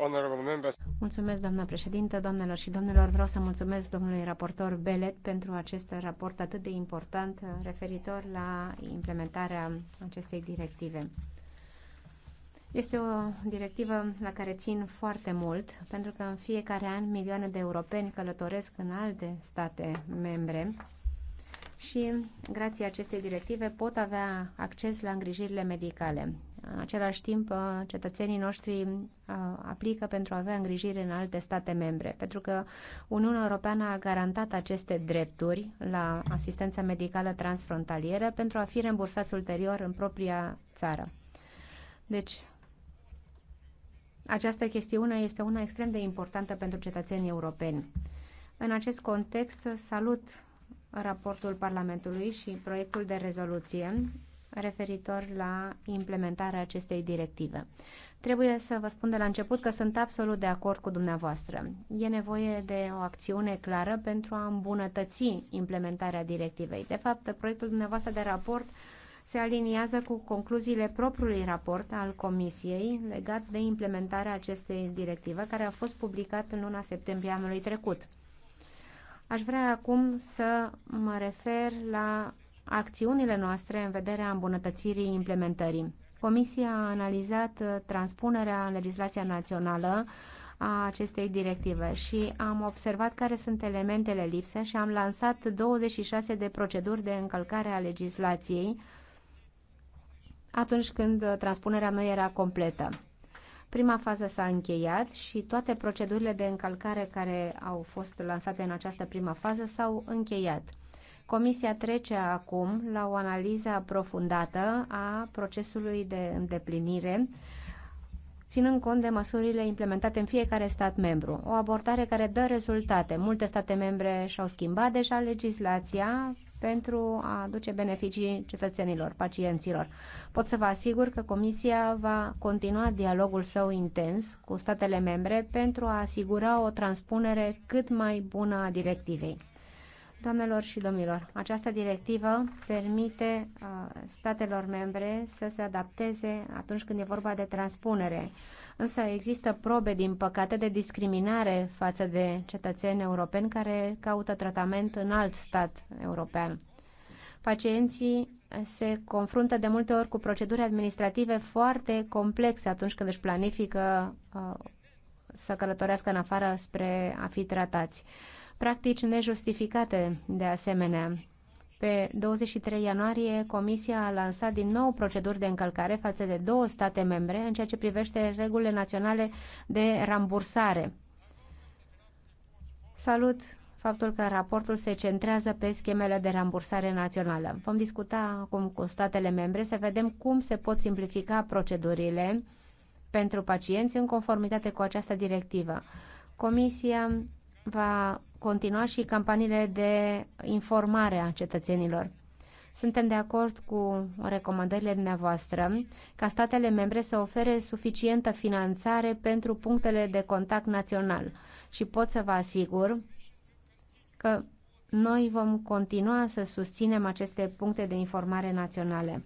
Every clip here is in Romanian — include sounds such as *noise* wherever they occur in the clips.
Uh, mulțumesc, doamna președintă, doamnelor și domnilor. Vreau să mulțumesc domnului raportor Belet pentru acest raport atât de important referitor la implementarea acestei directive. Este o directivă la care țin foarte mult, pentru că în fiecare an milioane de europeni călătoresc în alte state membre și, grație acestei directive, pot avea acces la îngrijirile medicale. În același timp, uh, cetățenii noștri uh, aplică pentru a avea îngrijire în alte state membre, pentru că Uniunea Europeană a garantat aceste drepturi la asistența medicală transfrontalieră pentru a fi rembursați ulterior în propria țară. Deci, această chestiune este una extrem de importantă pentru cetățenii europeni. În acest context, salut raportul Parlamentului și proiectul de rezoluție referitor la implementarea acestei directive. Trebuie să vă spun de la început că sunt absolut de acord cu dumneavoastră. E nevoie de o acțiune clară pentru a îmbunătăți implementarea directivei. De fapt, proiectul dumneavoastră de raport se aliniază cu concluziile propriului raport al Comisiei legat de implementarea acestei directive, care a fost publicat în luna septembrie anului trecut. Aș vrea acum să mă refer la acțiunile noastre în vederea îmbunătățirii implementării. Comisia a analizat uh, transpunerea în legislația națională a acestei directive și am observat care sunt elementele lipse și am lansat 26 de proceduri de încălcare a legislației atunci când uh, transpunerea nu era completă. Prima fază s-a încheiat și toate procedurile de încălcare care au fost lansate în această prima fază s-au încheiat. Comisia trece acum la o analiză aprofundată a procesului de îndeplinire ținând cont de măsurile implementate în fiecare stat membru. O abordare care dă rezultate. Multe state membre și-au schimbat deja legislația pentru a aduce beneficii cetățenilor, pacienților. Pot să vă asigur că Comisia va continua dialogul său intens cu statele membre pentru a asigura o transpunere cât mai bună a directivei. Doamnelor și domnilor, această directivă permite uh, statelor membre să se adapteze atunci când e vorba de transpunere. Însă există probe, din păcate, de discriminare față de cetățeni europeni care caută tratament în alt stat european. Pacienții se confruntă de multe ori cu proceduri administrative foarte complexe atunci când își planifică uh, să călătorească în afară spre a fi tratați. Uh, practici nejustificate de asemenea. Pe 23 ianuarie, Comisia a lansat din nou proceduri de încălcare față de două state membre în ceea ce privește regulile naționale de rambursare. Salut faptul că raportul se centrează pe schemele de rambursare națională. Vom discuta acum cu statele membre să vedem cum se pot simplifica procedurile pentru pacienți în conformitate cu această directivă. Comisia va continua și campaniile de informare a cetățenilor. Suntem de acord cu recomandările dumneavoastră ca statele membre să ofere suficientă finanțare pentru punctele de contact național și pot să vă asigur că noi vom continua să susținem aceste puncte de informare naționale.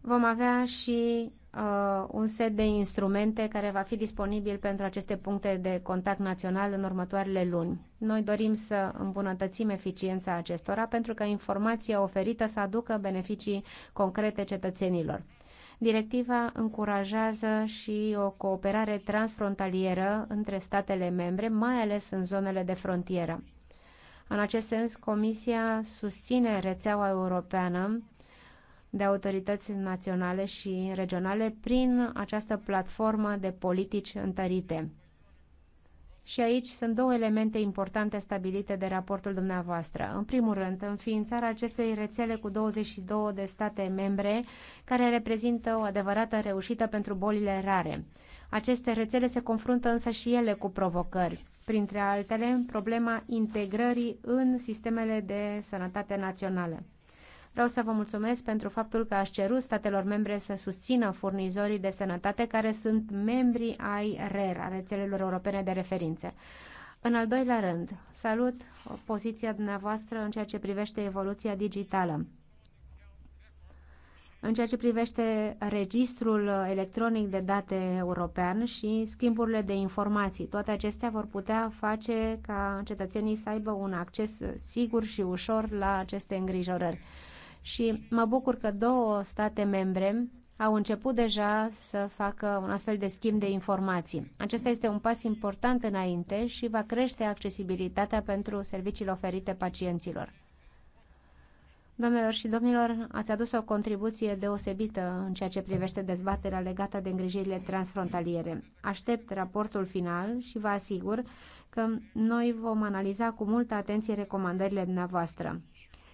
Vom avea și uh, un set de instrumente care va fi disponibil pentru aceste puncte de contact național în următoarele luni. Noi dorim să îmbunătățim eficiența acestora pentru că informația oferită să aducă beneficii concrete cetățenilor. Directiva încurajează și o cooperare transfrontalieră între statele membre, mai ales în zonele de frontieră. În acest sens, Comisia susține rețeaua europeană de autorități naționale și regionale prin această platformă de politici întărite. Și aici sunt două elemente importante stabilite de raportul dumneavoastră. În primul rând, înființarea acestei rețele cu 22 de state membre, care reprezintă o adevărată reușită pentru bolile rare. Aceste rețele se confruntă însă și ele cu provocări, printre altele problema integrării în sistemele de sănătate naționale. Vreau să vă mulțumesc pentru faptul că ați cerut statelor membre să susțină furnizorii de sănătate care sunt membri ai RER, a rețelelor europene de referințe. În al doilea rând, salut poziția dumneavoastră în ceea ce privește evoluția digitală. În ceea ce privește registrul electronic de date european și schimburile de informații, toate acestea vor putea face ca cetățenii să aibă un acces sigur și ușor la aceste îngrijorări și mă bucur că două state membre au început deja să facă un astfel de schimb de informații. Acesta este un pas important înainte și va crește accesibilitatea pentru serviciile oferite pacienților. Domnilor și domnilor, ați adus o contribuție deosebită în ceea ce privește dezbaterea legată de îngrijirile transfrontaliere. Aștept raportul final și vă asigur că noi vom analiza cu multă atenție recomandările dumneavoastră.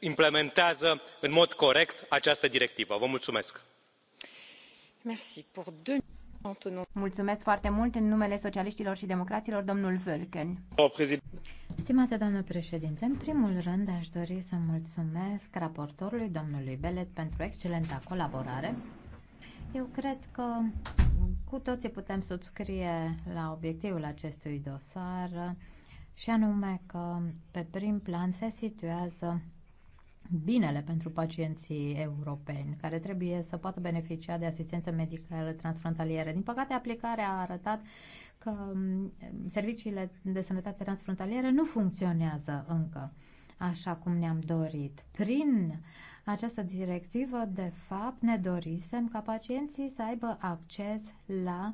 implementează în mod corect această directivă. vă mulțumesc. Mulțumesc foarte mult în numele socialiștilor și democraților, domnul Völken. Stimată doamnă președinte, în primul rând aș dori să mulțumesc raportorului, domnului Belet, pentru excelenta colaborare. Eu cred că cu toții putem subscrie la obiectivul acestui dosar și anume că pe prim plan se situează binele pentru pacienții europeni care trebuie să poată beneficia de asistență medicală transfrontalieră. Din păcate, aplicarea a arătat că mm, serviciile de sănătate transfrontalieră nu funcționează încă așa cum ne-am dorit. Prin această directivă, de fapt, ne dorisem ca pacienții să aibă acces la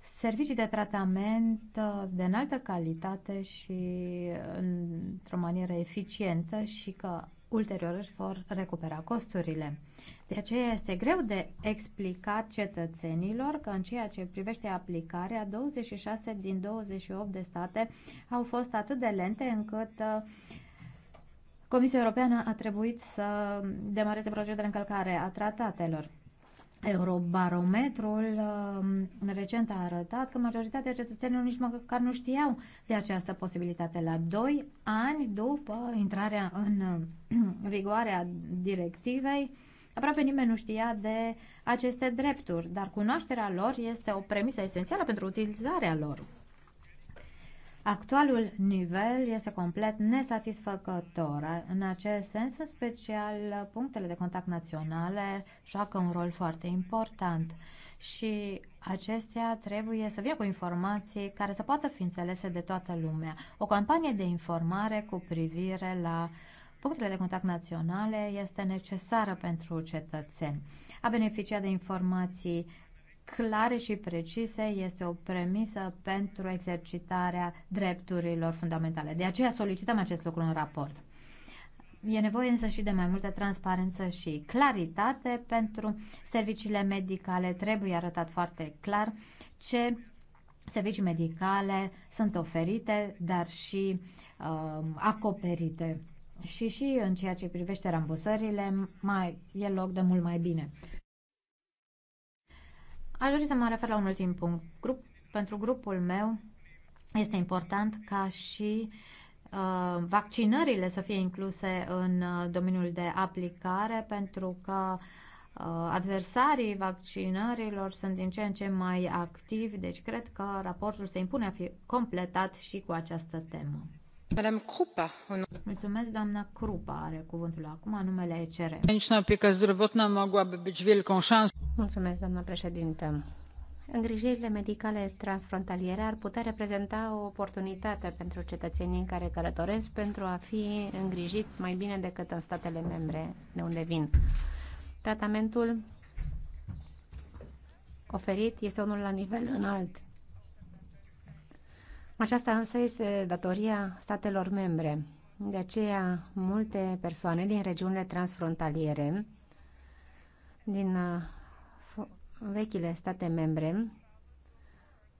servicii de tratament uh, de înaltă calitate și uh, într-o manieră eficientă și că ulterior își vor recupera costurile. De aceea este greu de explicat cetățenilor că în ceea ce privește aplicarea, 26 din 28 de state au fost atât de lente încât uh, Comisia Europeană a trebuit să demareze procedurile de încălcare a tratatelor. Eurobarometrul um, recent a arătat că majoritatea cetățenilor nici măcar nu știau de această posibilitate. La doi ani după intrarea în um, vigoare a directivei, aproape nimeni nu știa de aceste drepturi, dar cunoașterea lor este o premisă esențială pentru utilizarea lor. Actualul nivel este complet nesatisfăcător. În acest sens, în special, punctele de contact naționale joacă un rol foarte important și acestea trebuie să vină cu informații care să poată fi înțelese de toată lumea. O campanie de informare cu privire la punctele de contact naționale este necesară pentru cetățeni. A beneficiat de informații clare și precise este o premisă pentru exercitarea drepturilor fundamentale. De aceea solicităm acest lucru în raport. E nevoie însă și de mai multă transparență și claritate pentru serviciile medicale. Trebuie arătat foarte clar ce servicii medicale sunt oferite, dar și uh, acoperite. Și și în ceea ce privește rambursările, mai e loc de mult mai bine. Aș dori să mă refer la un ultim punct. Grup, pentru grupul meu este important ca și uh, vaccinările să fie incluse în uh, domeniul de aplicare pentru că uh, adversarii vaccinărilor sunt din ce în ce mai activi, deci cred că raportul se impune a fi completat și cu această temă. Mulțumesc, doamna Krupa are cuvântul acum, numele ECR. Nici n-a pică zdrobotna mogłaby być wielką Mulțumesc, doamnă președintă. Îngrijirile medicale transfrontaliere ar putea reprezenta o oportunitate pentru cetățenii care călătoresc pentru a fi îngrijiți mai bine decât în statele membre de unde vin. Tratamentul oferit este unul la nivel înalt. Aceasta însă este datoria statelor membre. De aceea, multe persoane din regiunile transfrontaliere din uh, vechile state membre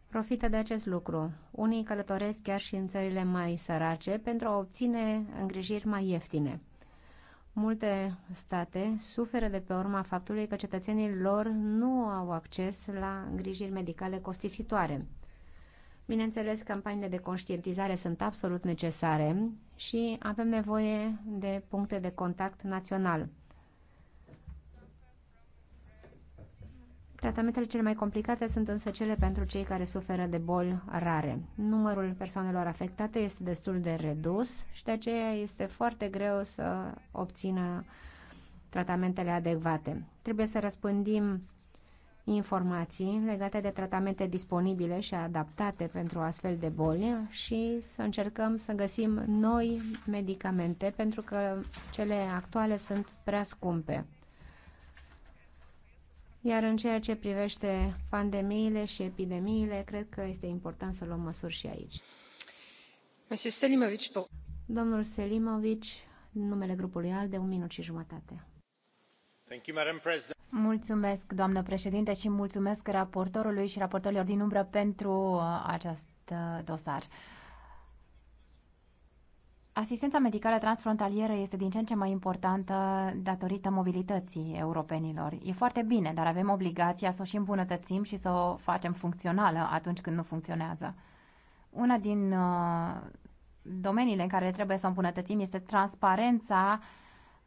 profită de acest lucru. Unii călătoresc chiar și în țările mai sărace pentru a obține îngrijiri mai ieftine. Multe state suferă de pe urma faptului că cetățenii lor nu au acces la îngrijiri medicale costisitoare. Bineînțeles, campaniile de conștientizare sunt absolut necesare și avem nevoie de puncte de contact național. Tratamentele cele mai complicate sunt însă cele pentru cei care suferă de boli rare. Numărul persoanelor afectate este destul de redus și de aceea este foarte greu să obțină tratamentele adecvate. Trebuie să răspândim informații legate de tratamente disponibile și adaptate pentru astfel de boli și să încercăm să găsim noi medicamente pentru că cele actuale sunt prea scumpe. Iar în ceea ce privește pandemiile și epidemiile, cred că este important să luăm măsuri și aici. Domnul Selimovic, numele grupului AL, de un minut și jumătate. Mulțumesc, doamnă președinte, și mulțumesc raportorului și raportorilor din umbră pentru uh, acest uh, dosar. Asistența medicală transfrontalieră este din ce în ce mai importantă datorită mobilității europenilor. E foarte bine, dar avem obligația să o și îmbunătățim și să o facem funcțională atunci când nu funcționează. Una din uh, domeniile în care trebuie să o îmbunătățim este transparența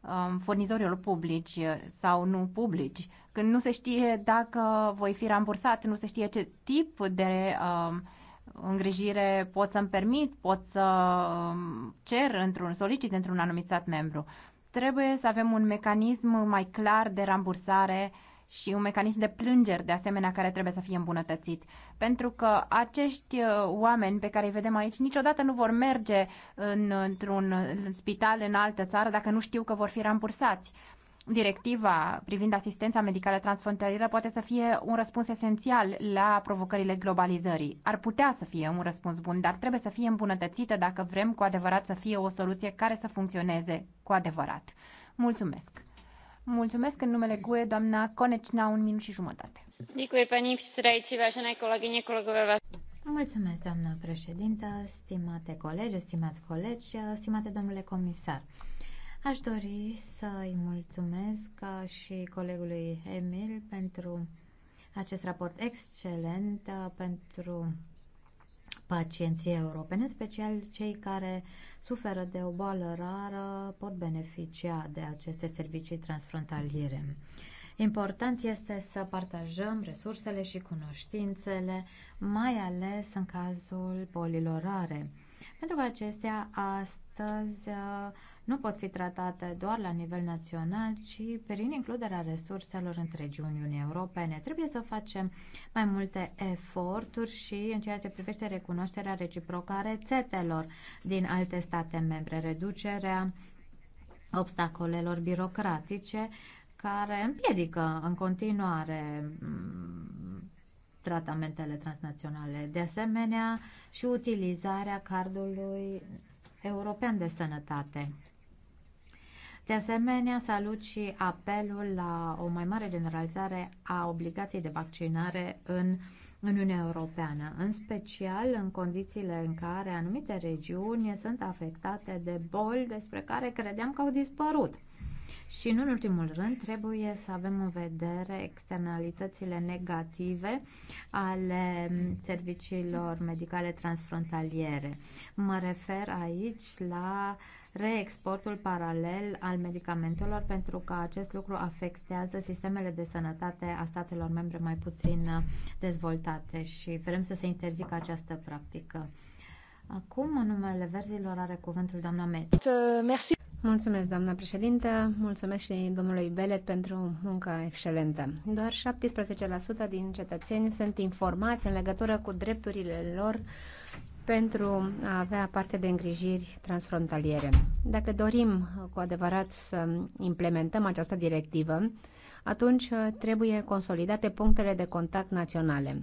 um, furnizorilor publici sau nu publici. Când nu se știe dacă voi fi rambursat, nu se știe ce tip de uh, îngrijire pot să-mi permit, pot să um, cer într-un, solicit într-un anumit stat membru. Trebuie să avem un mecanism mai clar de rambursare și un mecanism de plângeri, de asemenea, care trebuie să fie îmbunătățit. Pentru că acești uh, oameni pe care îi vedem aici niciodată nu vor merge în, într-un spital în altă țară dacă nu știu că vor fi rambursați. Directiva privind asistența medicală transfrontalieră poate să fie un răspuns esențial la provocările globalizării. Ar putea să fie un răspuns bun, dar trebuie să fie îmbunătățită dacă vrem cu adevărat să fie o soluție care să funcționeze cu adevărat. Mulțumesc! Mulțumesc în numele GUE, doamna Conecina, un minut și jumătate. Mulțumesc, doamnă președintă, stimate colegi, stimați colegi, stimate domnule comisar. Aș dori să-i mulțumesc uh, și colegului Emil pentru acest raport excelent uh, pentru pacienții europeni, în special cei care suferă de o boală rară pot beneficia de aceste servicii transfrontaliere. Important este să partajăm resursele și cunoștințele, mai ales în cazul bolilor rare, pentru că acestea astăzi uh, nu pot fi tratate doar la nivel național, ci prin includerea resurselor întregii Uniunii Europene. Trebuie să facem mai multe eforturi și în ceea ce privește recunoașterea reciprocă a rețetelor din alte state membre, reducerea obstacolelor birocratice care împiedică în continuare mm, tratamentele transnaționale. De asemenea, și utilizarea cardului European de Sănătate. De asemenea, salut și apelul la o mai mare generalizare a obligației de vaccinare în Uniunea Europeană, în special în condițiile în care anumite regiuni sunt afectate de boli despre care credeam că au dispărut. Și, în ultimul rând, trebuie să avem în vedere externalitățile negative ale serviciilor medicale transfrontaliere. Mă refer aici la reexportul paralel al medicamentelor pentru că acest lucru afectează sistemele de sănătate a statelor membre mai puțin dezvoltate și vrem să se interzică această practică. Acum, în numele verzilor, are cuvântul doamna Met. Merci. Mulțumesc, doamna președintă, mulțumesc și domnului Belet pentru munca excelentă. Doar 17% din cetățeni sunt informați în legătură cu drepturile lor pentru a avea parte de îngrijiri transfrontaliere. Dacă dorim cu adevărat să implementăm această directivă, atunci trebuie consolidate punctele de contact naționale.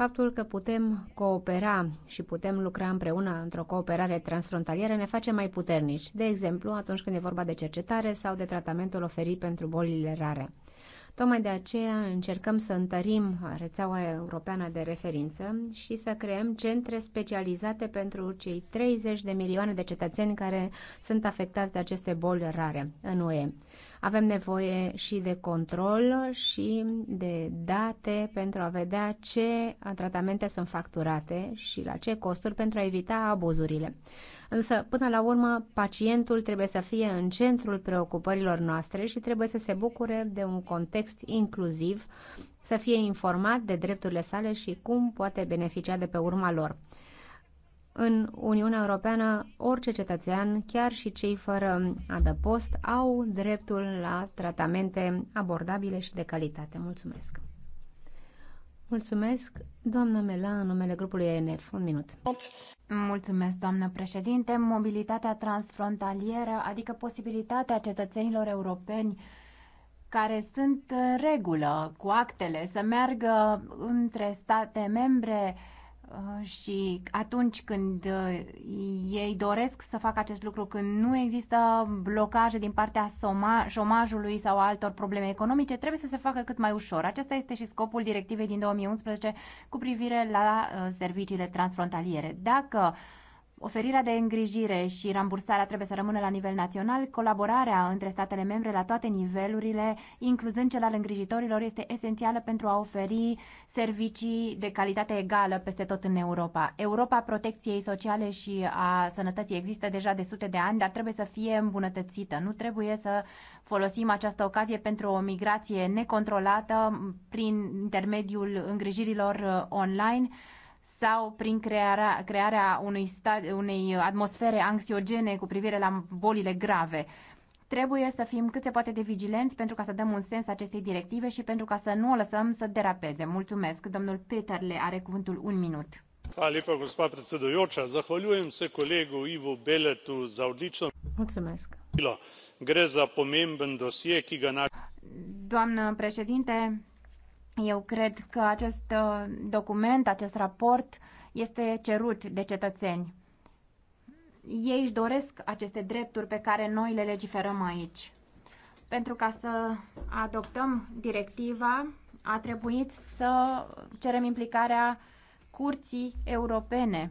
Faptul că putem coopera și putem lucra împreună într-o cooperare transfrontalieră ne face mai puternici, de exemplu atunci când e vorba de cercetare sau de tratamentul oferit pentru bolile rare. Tocmai de aceea încercăm să întărim rețeaua europeană de referință și să creăm centre specializate pentru cei 30 de milioane de cetățeni care sunt afectați de aceste boli rare în UE. Avem nevoie și de control și de date pentru a vedea ce tratamente sunt facturate și la ce costuri pentru a evita abuzurile. Însă, până la urmă, pacientul trebuie să fie în centrul preocupărilor noastre și trebuie să se bucure de un context inclusiv, să fie informat de drepturile sale și cum poate beneficia de pe urma lor. În Uniunea Europeană, orice cetățean, chiar și cei fără adăpost, au dreptul la tratamente abordabile și de calitate. Mulțumesc! Mulțumesc, doamna Mela, în numele grupului ENF. Un minut. Mulțumesc, doamnă președinte. Mobilitatea transfrontalieră, adică posibilitatea cetățenilor europeni care sunt în regulă cu actele să meargă între state membre, Uh, și atunci când uh, ei doresc să facă acest lucru, când nu există blocaje din partea șomajului sau altor probleme economice, trebuie să se facă cât mai ușor. Acesta este și scopul directivei din 2011 cu privire la uh, serviciile transfrontaliere. Dacă uh, Oferirea de îngrijire și rambursarea trebuie să rămână la nivel național. Colaborarea între statele membre la toate nivelurile, incluzând cel al îngrijitorilor, este esențială pentru a oferi servicii de calitate egală peste tot în Europa. Europa protecției sociale și a sănătății există deja de sute de ani, dar trebuie să fie îmbunătățită. Nu trebuie să folosim această ocazie pentru o migrație necontrolată prin intermediul îngrijirilor uh, online sau prin crearea, crearea unui, sta, unei atmosfere anxiogene cu privire la bolile grave. Trebuie să fim cât se poate de vigilenți pentru ca să dăm un sens acestei directive și pentru ca să nu o lăsăm să derapeze. Mulțumesc. Domnul Peterle are cuvântul un minut. Mulțumesc. Gre za pomemben dosje, Doamnă președinte, eu cred că acest uh, document, acest raport este cerut de cetățeni. Ei își doresc aceste drepturi pe care noi le legiferăm aici. Pentru ca să adoptăm directiva, a trebuit să cerem implicarea Curții Europene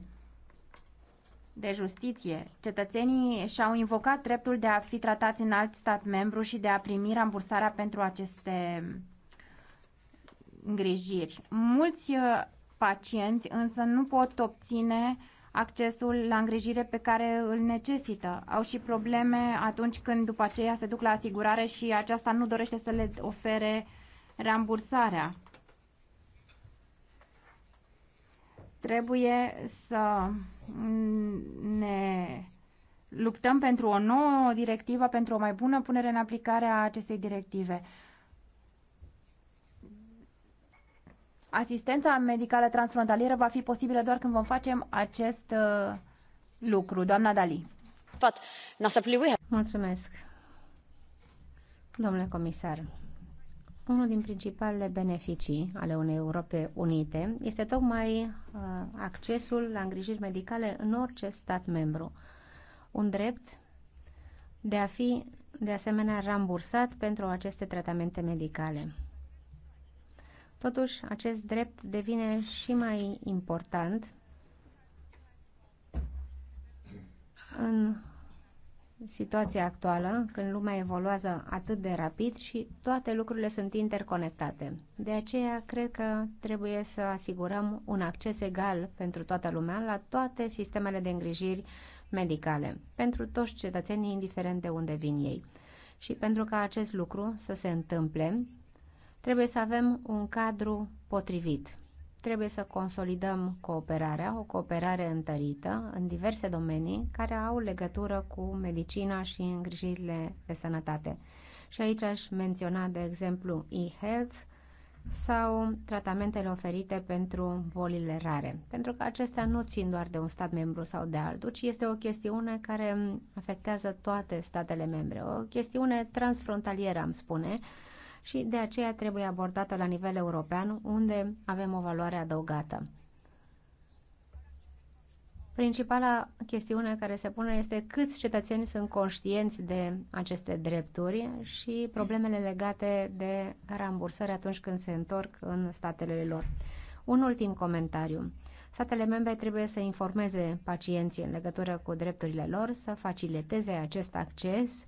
de Justiție. Cetățenii și-au invocat dreptul de a fi tratați în alt stat membru și de a primi rambursarea pentru aceste îngrijiri. Mulți uh, pacienți însă nu pot obține accesul la îngrijire pe care îl necesită. Au și probleme atunci când după aceea se duc la asigurare și aceasta nu dorește să le ofere rambursarea. Trebuie să ne luptăm pentru o nouă directivă, pentru o mai bună punere în aplicare a acestei directive. Asistența medicală transfrontalieră va fi posibilă doar când vom face acest uh, lucru. Doamna Dali. Mulțumesc. Domnule comisar, unul din principalele beneficii ale unei Europe unite este tocmai uh, accesul la îngrijiri medicale în orice stat membru. Un drept de a fi de asemenea rambursat pentru aceste tratamente medicale. Totuși, acest drept devine și mai important în situația actuală, când lumea evoluează atât de rapid și toate lucrurile sunt interconectate. De aceea, cred că trebuie să asigurăm un acces egal pentru toată lumea la toate sistemele de îngrijiri medicale, pentru toți cetățenii, indiferent de unde vin ei. Și pentru ca acest lucru să se întâmple, Trebuie să avem un cadru potrivit. Trebuie să consolidăm cooperarea, o cooperare întărită în diverse domenii care au legătură cu medicina și îngrijirile de sănătate. Și aici aș menționa, de exemplu, e-health sau tratamentele oferite pentru bolile rare. Pentru că acestea nu țin doar de un stat membru sau de altul, ci este o chestiune care afectează toate statele membre. O chestiune transfrontalieră, am spune, și de aceea trebuie abordată la nivel european, unde avem o valoare adăugată. Principala chestiune care se pune este câți cetățeni sunt conștienți de aceste drepturi și problemele legate de rambursări atunci când se întorc în statele lor. Un ultim comentariu. Statele membre trebuie să informeze pacienții în legătură cu drepturile lor, să faciliteze acest acces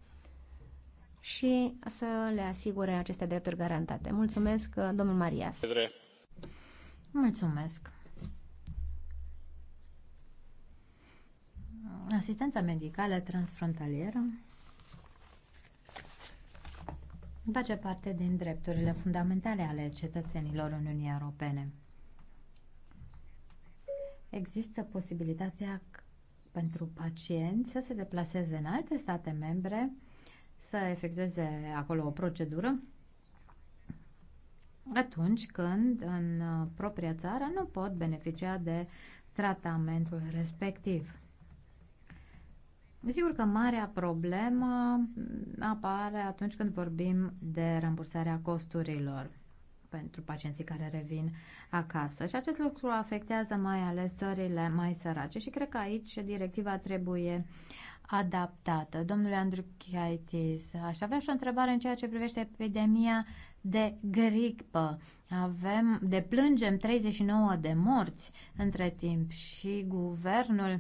și să le asigure aceste drepturi garantate. Mulțumesc, uh, domnul Marias. Mulțumesc. Asistența medicală transfrontalieră face parte din drepturile fundamentale ale cetățenilor Uniunii Europene. Există posibilitatea pentru pacienți să se deplaseze în alte state membre să efectueze acolo o procedură atunci când în uh, propria țară nu pot beneficia de tratamentul respectiv. Sigur că marea problemă apare atunci când vorbim de rambursarea costurilor pentru pacienții care revin acasă și acest lucru afectează mai ales țările mai sărace și cred că aici directiva trebuie adaptată. Domnule Andrew Chiaitis, aș avea și o întrebare în ceea ce privește epidemia de gripă. Avem, deplângem 39 de morți între timp și guvernul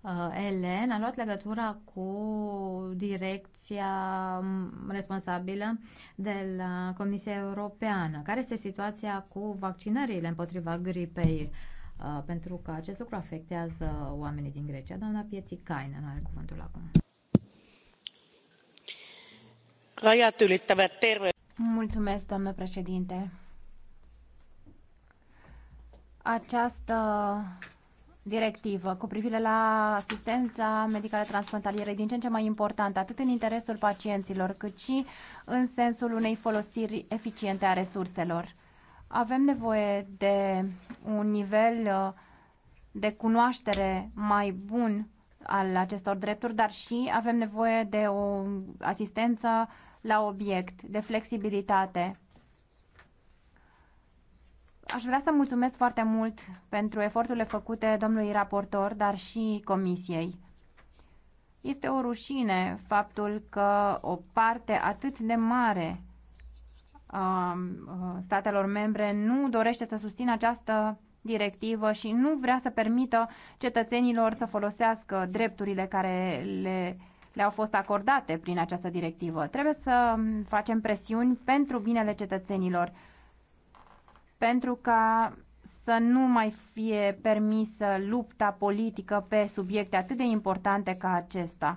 uh, Elen a luat legătura cu direcția um, responsabilă de la Comisia Europeană. Care este situația cu vaccinările împotriva gripei? Uh, Uh, pentru că acest lucru afectează oamenii din Grecia. Doamna Pietikainen are cuvântul acum. Mulțumesc, doamnă președinte. Această directivă cu privire la asistența medicală transfrontalieră e din ce în ce mai importantă, atât în interesul pacienților, cât și în sensul unei folosiri eficiente a resurselor. Avem nevoie de un nivel uh, de cunoaștere mai bun al acestor drepturi, dar și avem nevoie de o asistență la obiect, de flexibilitate. Aș vrea să mulțumesc foarte mult pentru eforturile făcute domnului raportor, dar și comisiei. Este o rușine faptul că o parte atât de mare Um, uh, statelor membre nu dorește să susțină această directivă și nu vrea să permită cetățenilor să folosească drepturile care le, le-au fost acordate prin această directivă. Trebuie să um, facem presiuni pentru binele cetățenilor, pentru ca să nu mai fie permisă lupta politică pe subiecte atât de importante ca acesta.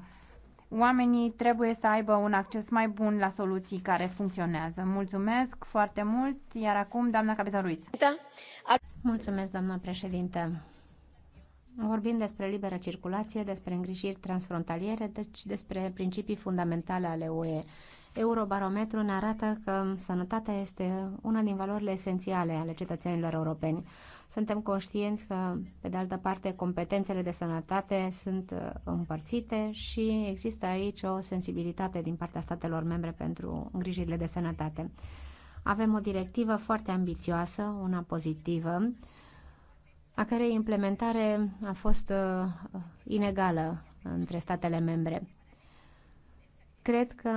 Oamenii trebuie să aibă un acces mai bun la soluții care funcționează. Mulțumesc foarte mult, iar acum doamna Cabeza Ruiz. Mulțumesc, doamna președinte. Vorbim despre liberă circulație, despre îngrijiri transfrontaliere, deci despre principii fundamentale ale UE. Eurobarometru ne arată că sănătatea este una din valorile esențiale ale cetățenilor europeni. Suntem conștienți că, pe de altă parte, competențele de sănătate sunt uh, împărțite și există aici o sensibilitate din partea statelor membre pentru îngrijirile de sănătate. Avem o directivă foarte ambițioasă, una pozitivă, a cărei implementare a fost uh, inegală între statele membre. Cred că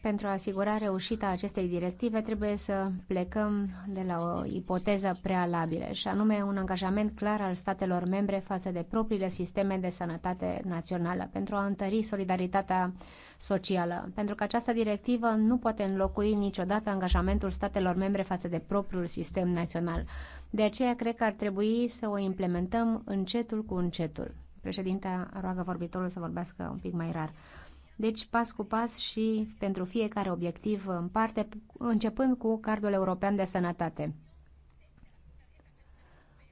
pentru a asigura reușita acestei directive, trebuie să plecăm de la o ipoteză prealabilă, și anume un angajament clar al statelor membre față de propriile sisteme de sănătate națională, pentru a întări solidaritatea socială. Pentru că această directivă nu poate înlocui niciodată angajamentul statelor membre față de propriul sistem național. De aceea, cred că ar trebui să o implementăm încetul cu încetul. Președinta roagă vorbitorul să vorbească un pic mai rar. Deci, pas cu pas și pentru fiecare obiectiv în parte, începând cu Cardul European de Sănătate.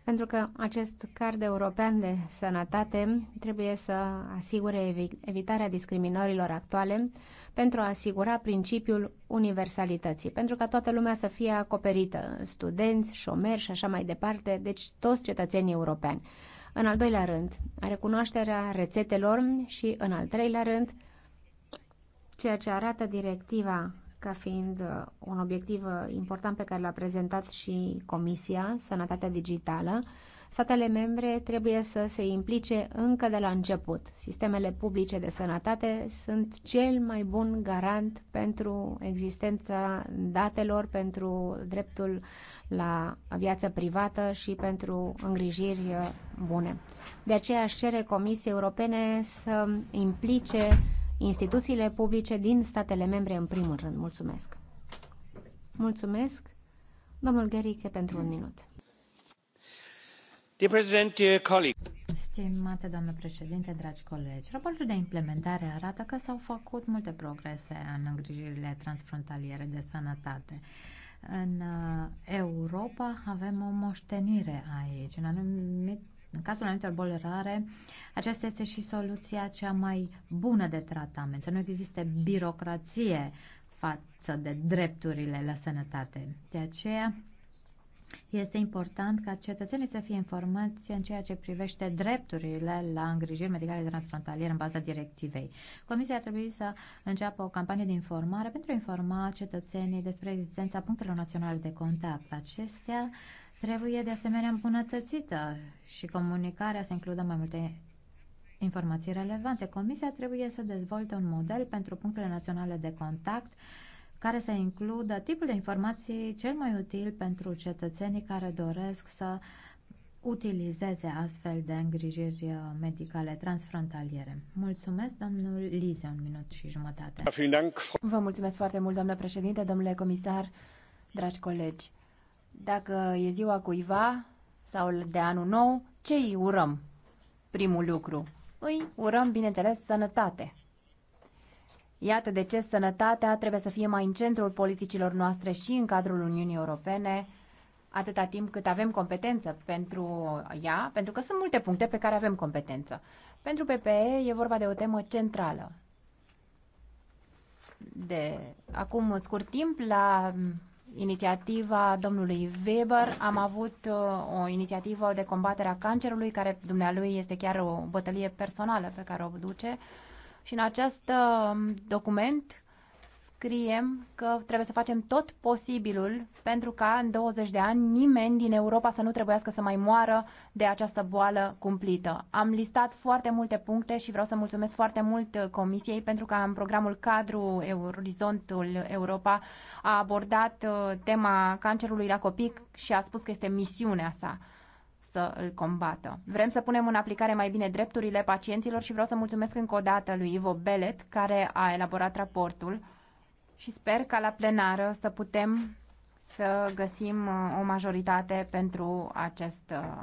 Pentru că acest card european de sănătate trebuie să asigure evitarea discriminărilor actuale pentru a asigura principiul universalității, pentru ca toată lumea să fie acoperită, studenți, șomeri și așa mai departe, deci toți cetățenii europeni. În al doilea rând, recunoașterea rețetelor și, în al treilea rând, ceea ce arată directiva ca fiind uh, un obiectiv uh, important pe care l-a prezentat și Comisia, Sănătatea Digitală, statele membre trebuie să se implice încă de la început. Sistemele publice de sănătate sunt cel mai bun garant pentru existența datelor, pentru dreptul la viață privată și pentru îngrijiri uh, bune. De aceea aș cere Comisiei Europene să implice instituțiile publice din statele membre în primul rând. Mulțumesc! Mulțumesc, domnul Gheriche, pentru un minut. Stimate doamnă președinte, dragi colegi, raportul de implementare arată că s-au făcut multe progrese în îngrijirile transfrontaliere de sănătate. În uh, Europa avem o moștenire aici. În anumit în cazul anumitor boli rare, aceasta este și soluția cea mai bună de tratament, să nu existe birocrație față de drepturile la sănătate. De aceea, este important ca cetățenii să fie informați în ceea ce privește drepturile la îngrijiri medicale transfrontaliere în baza directivei. Comisia ar trebui să înceapă o campanie de informare pentru a informa cetățenii despre existența punctelor naționale de contact. Acestea Trebuie de asemenea îmbunătățită și comunicarea să includă mai multe informații relevante. Comisia trebuie să dezvolte un model pentru punctele naționale de contact care să includă tipul de informații cel mai util pentru cetățenii care doresc să utilizeze astfel de îngrijiri uh, medicale transfrontaliere. Mulțumesc, domnul Lize, un minut și jumătate. Vă mulțumesc foarte mult, doamnă președinte, domnule comisar, dragi colegi. Dacă e ziua cuiva sau de anul nou, ce îi urăm? Primul lucru. Îi urăm, bineînțeles, sănătate. Iată de ce sănătatea trebuie să fie mai în centrul politicilor noastre și în cadrul Uniunii Europene, atâta timp cât avem competență pentru ea, pentru că sunt multe puncte pe care avem competență. Pentru PPE e vorba de o temă centrală. De acum scurt timp, la inițiativa domnului Weber. Am avut uh, o inițiativă de combatere a cancerului, care dumnealui este chiar o bătălie personală pe care o duce. Și în acest uh, document scriem că trebuie să facem tot posibilul pentru ca în 20 de ani nimeni din Europa să nu trebuiască să mai moară de această boală cumplită. Am listat foarte multe puncte și vreau să mulțumesc foarte mult Comisiei pentru că în programul cadru Orizontul Europa a abordat uh, tema cancerului la copii și a spus că este misiunea sa să îl combată. Vrem să punem în aplicare mai bine drepturile pacienților și vreau să mulțumesc încă o dată lui Ivo Belet, care a elaborat raportul și sper ca la plenară să putem să găsim uh, o majoritate pentru acest uh,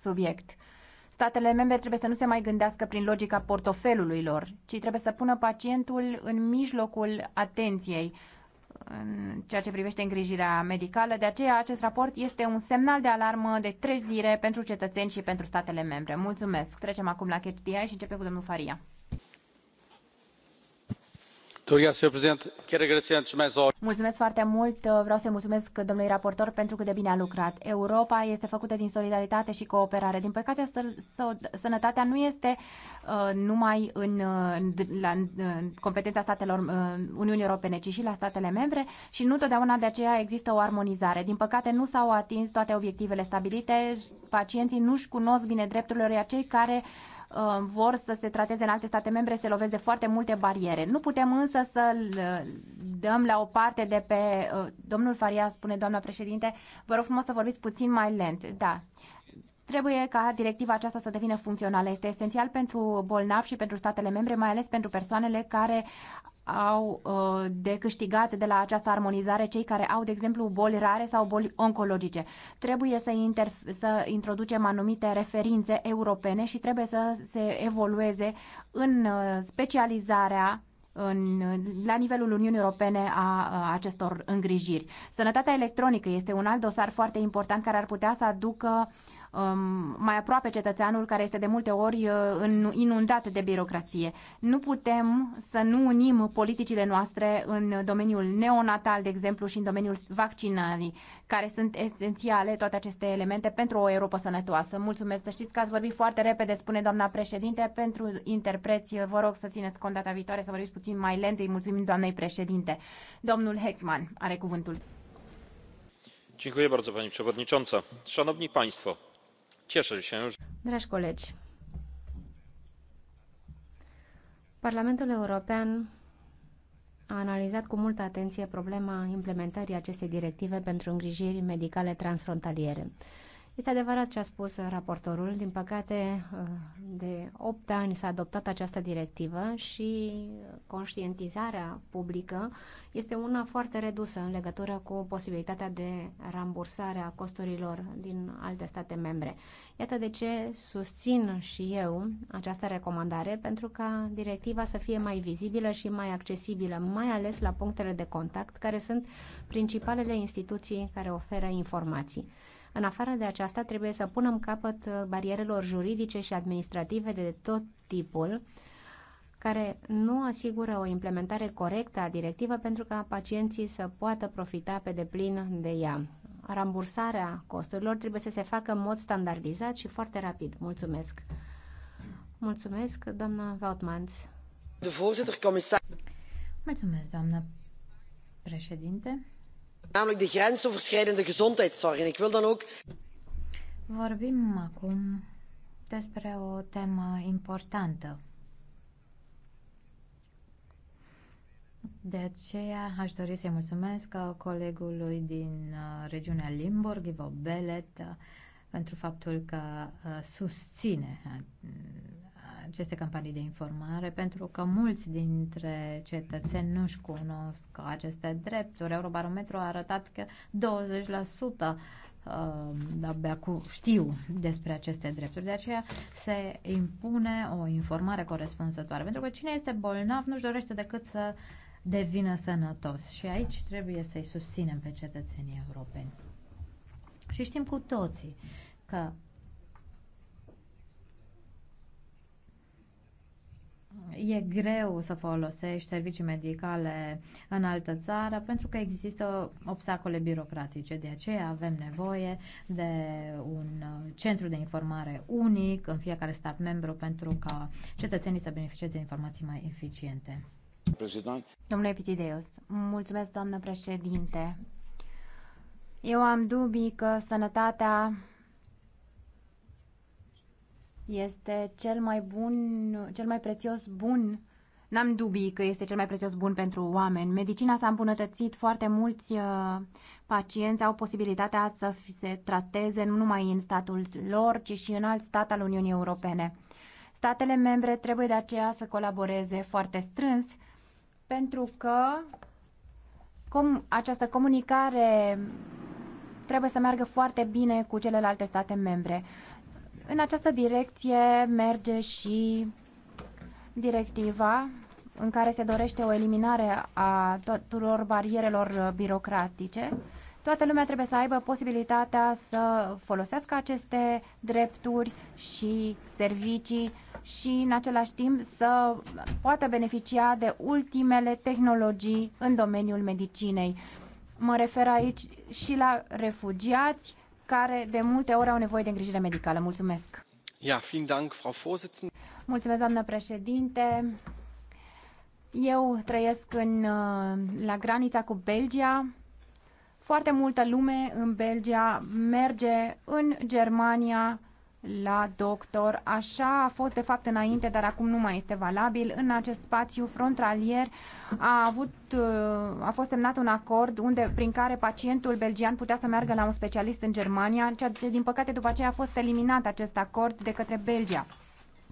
subiect. Statele membre trebuie să nu se mai gândească prin logica portofelului lor, ci trebuie să pună pacientul în mijlocul atenției în ceea ce privește îngrijirea medicală. De aceea, acest raport este un semnal de alarmă de trezire pentru cetățeni și pentru statele membre. Mulțumesc! Trecem acum la Catch și începem cu domnul Faria. Mulțumesc foarte mult. Vreau să-i mulțumesc domnului raportor pentru cât de bine a lucrat. Europa este făcută din solidaritate și cooperare. Din păcate, sănătatea nu este uh, numai în, uh, la, în competența statelor uh, Uniunii Europene, ci și la statele membre și nu totdeauna de aceea există o armonizare. Din păcate, nu s-au atins toate obiectivele stabilite. Pacienții nu-și cunosc bine drepturile, iar cei care Uh, vor să se trateze în alte state membre, se lovesc de foarte multe bariere. Nu putem însă să uh, dăm la o parte de pe... Uh, domnul Faria spune, doamna președinte, vă rog frumos să vorbiți puțin mai lent. Da, Trebuie ca directiva aceasta să devină funcțională. Este esențial pentru bolnavi și pentru statele membre, mai ales pentru persoanele care au uh, de câștigat de la această armonizare cei care au, de exemplu, boli rare sau boli oncologice. Trebuie să, interf- să introducem anumite referințe europene și trebuie să se evolueze în uh, specializarea în, la nivelul Uniunii Europene a, a acestor îngrijiri. Sănătatea electronică este un alt dosar foarte important care ar putea să aducă uh, Um, mai aproape cetățeanul care este de multe ori uh, inundat de birocrație. Nu putem să nu unim politicile noastre în domeniul neonatal, de exemplu, și în domeniul vaccinării, care sunt esențiale toate aceste elemente pentru o Europa sănătoasă. Mulțumesc să știți că ați vorbit foarte repede, spune doamna președinte, pentru interpreți. Vă rog să țineți cont data viitoare, să vorbiți puțin mai lent. Îi mulțumim doamnei președinte. Domnul Heckman are cuvântul pani przewodnicząca! szanowni państwo! Cieszę się, że... Dragi colegi, Parlamentul European a analizat cu multă atenție problema implementării acestei directive pentru îngrijiri medicale transfrontaliere. Este adevărat ce a spus raportorul. Din păcate, de 8 ani s-a adoptat această directivă și conștientizarea publică este una foarte redusă în legătură cu posibilitatea de rambursare a costurilor din alte state membre. Iată de ce susțin și eu această recomandare pentru ca directiva să fie mai vizibilă și mai accesibilă, mai ales la punctele de contact care sunt principalele instituții care oferă informații. În afară de aceasta, trebuie să punem capăt uh, barierelor juridice și administrative de tot tipul care nu asigură o implementare corectă a directivă pentru ca pacienții să poată profita pe deplin de ea. Rambursarea costurilor trebuie să se facă în mod standardizat și foarte rapid. Mulțumesc! Mulțumesc, doamna Vautmans. Mulțumesc, doamna președinte namelijk de grensoverschrijdende gezondheidszorg. ik wil dan ook. Vorbim acum despre o temă importantă. De aceea aș dori să-i mulțumesc colegului din uh, regiunea Limburg, Ivo Belet, uh, pentru faptul că uh, susține aceste campanii de informare pentru că mulți dintre cetățeni nu-și cunosc aceste drepturi. Eurobarometru a arătat că 20% uh, abia cu, știu despre aceste drepturi. De aceea se impune o informare corespunzătoare. Pentru că cine este bolnav nu-și dorește decât să devină sănătos. Și aici trebuie să-i susținem pe cetățenii europeni. Și știm cu toții că e greu să folosești servicii medicale în altă țară pentru că există obstacole birocratice. De aceea avem nevoie de un uh, centru de informare unic în fiecare stat membru pentru ca cetățenii să beneficieze de informații mai eficiente. President. Domnule Pitideus, mulțumesc, doamnă președinte. Eu am dubii că sănătatea este cel mai bun, cel mai prețios bun N-am dubii că este cel mai prețios bun pentru oameni. Medicina s-a îmbunătățit, foarte mulți uh, pacienți au posibilitatea să se trateze nu numai în statul lor, ci și în alt stat al Uniunii Europene. Statele membre trebuie de aceea să colaboreze foarte strâns pentru că cum această comunicare trebuie să meargă foarte bine cu celelalte state membre. În această direcție merge și directiva în care se dorește o eliminare a tuturor barierelor birocratice. Toată lumea trebuie să aibă posibilitatea să folosească aceste drepturi și servicii și în același timp să poată beneficia de ultimele tehnologii în domeniul medicinei. Mă refer aici și la refugiați, care de multe ori au nevoie de îngrijire medicală. Mulțumesc! Ja, vielen Dank, Frau Vorsitzende. Mulțumesc, doamnă președinte. Eu trăiesc în, uh, la granița cu Belgia. Foarte multă lume în Belgia merge în Germania la doctor. Așa a fost de fapt înainte, dar acum nu mai este valabil. În acest spațiu frontalier a, avut, uh, a fost semnat un acord unde, prin care pacientul belgian putea să meargă la un specialist în Germania, ceea ce din păcate după aceea a fost eliminat acest acord de către Belgia.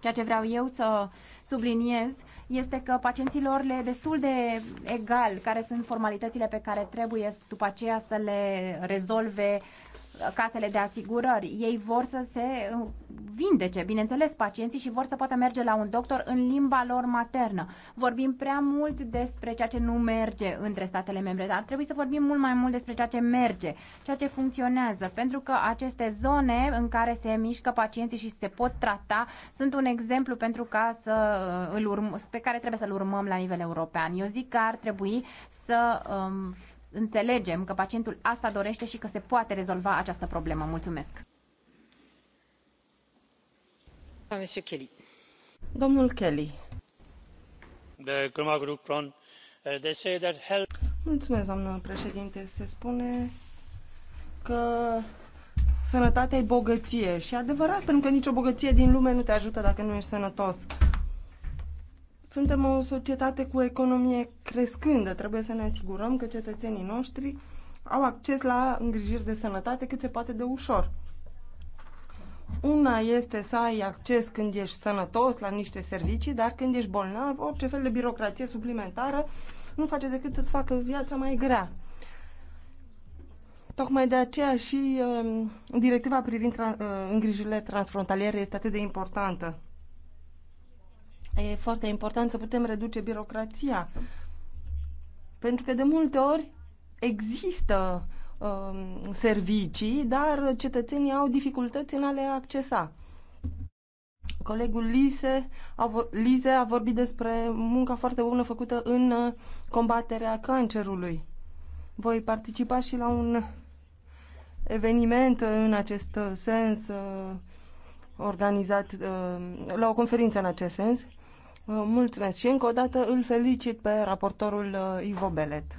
Ceea ce vreau eu să subliniez este că pacienților le destul de egal care sunt formalitățile pe care trebuie după aceea să le rezolve uh, casele de asigurări. Ei vor să se uh, vindece, bineînțeles, pacienții și vor să poată merge la un doctor în limba lor maternă. Vorbim prea mult despre ceea ce nu merge între statele membre, dar trebui să vorbim mult mai mult despre ceea ce merge, ceea ce funcționează, pentru că aceste zone în care se mișcă pacienții și se pot trata sunt un exemplu pentru ca să uh, îl urm- pe care trebuie să-l urmăm la nivel european. Eu zic că ar trebui să um, înțelegem că pacientul asta dorește și că se poate rezolva această problemă. Mulțumesc! Ah, Domnul Kelly. Eh, Mulțumesc, doamnă președinte. Se spune că sănătatea e bogăție și adevărat, pentru că nicio bogăție din lume nu te ajută dacă nu ești sănătos. Suntem o societate cu economie crescândă. Trebuie să ne asigurăm că cetățenii noștri au acces la îngrijiri de sănătate cât se poate de ușor. Una este să ai acces când ești sănătos la niște servicii, dar când ești bolnav, orice fel de birocrație suplimentară nu face decât să-ți facă viața mai grea. Tocmai de aceea și uh, directiva privind tra- uh, îngrijirile transfrontaliere este atât de importantă. E foarte important să putem reduce birocrația. Pentru că de multe ori există um, servicii, dar cetățenii au dificultăți în a le accesa. Colegul Lise a, vor, Lise a vorbit despre munca foarte bună făcută în uh, combaterea cancerului. Voi participa și la un eveniment în acest uh, sens uh, organizat, la o conferință în acest sens Uh, mulțumesc și încă o dată îl felicit pe raportorul uh, Ivo Belet.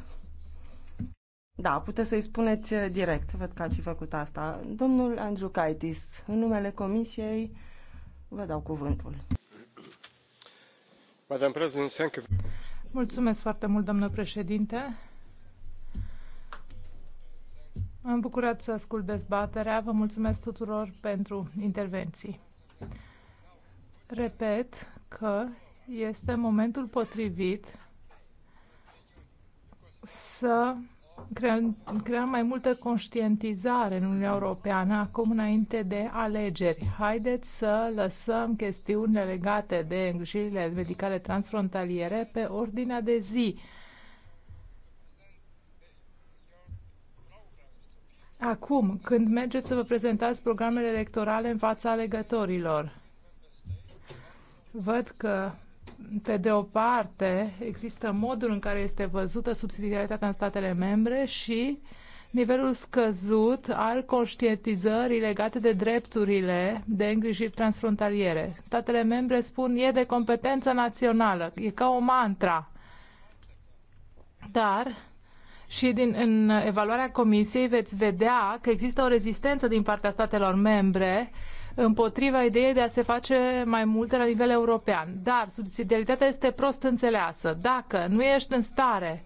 Da, puteți să-i spuneți uh, direct, văd că ați făcut asta. Domnul Andrew Kaitis, în numele Comisiei, vă dau cuvântul. Mulțumesc foarte mult, domnule președinte. Am bucurat să ascult dezbaterea. Vă mulțumesc tuturor pentru intervenții. Repet că este momentul potrivit să creăm, creăm mai multă conștientizare în Uniunea Europeană acum înainte de alegeri. Haideți să lăsăm chestiunile legate de îngrijirile medicale transfrontaliere pe ordinea de zi. Acum, când mergeți să vă prezentați programele electorale în fața alegătorilor, văd că pe de o parte, există modul în care este văzută subsidiaritatea în statele membre și nivelul scăzut al conștientizării legate de drepturile de îngrijiri transfrontaliere. Statele membre spun e de competență națională, e ca o mantra. Dar și din, în evaluarea comisiei veți vedea că există o rezistență din partea statelor membre uh, împotriva ideii de a se face mai multe la nivel european. Dar subsidiaritatea este prost înțeleasă. Dacă nu ești în stare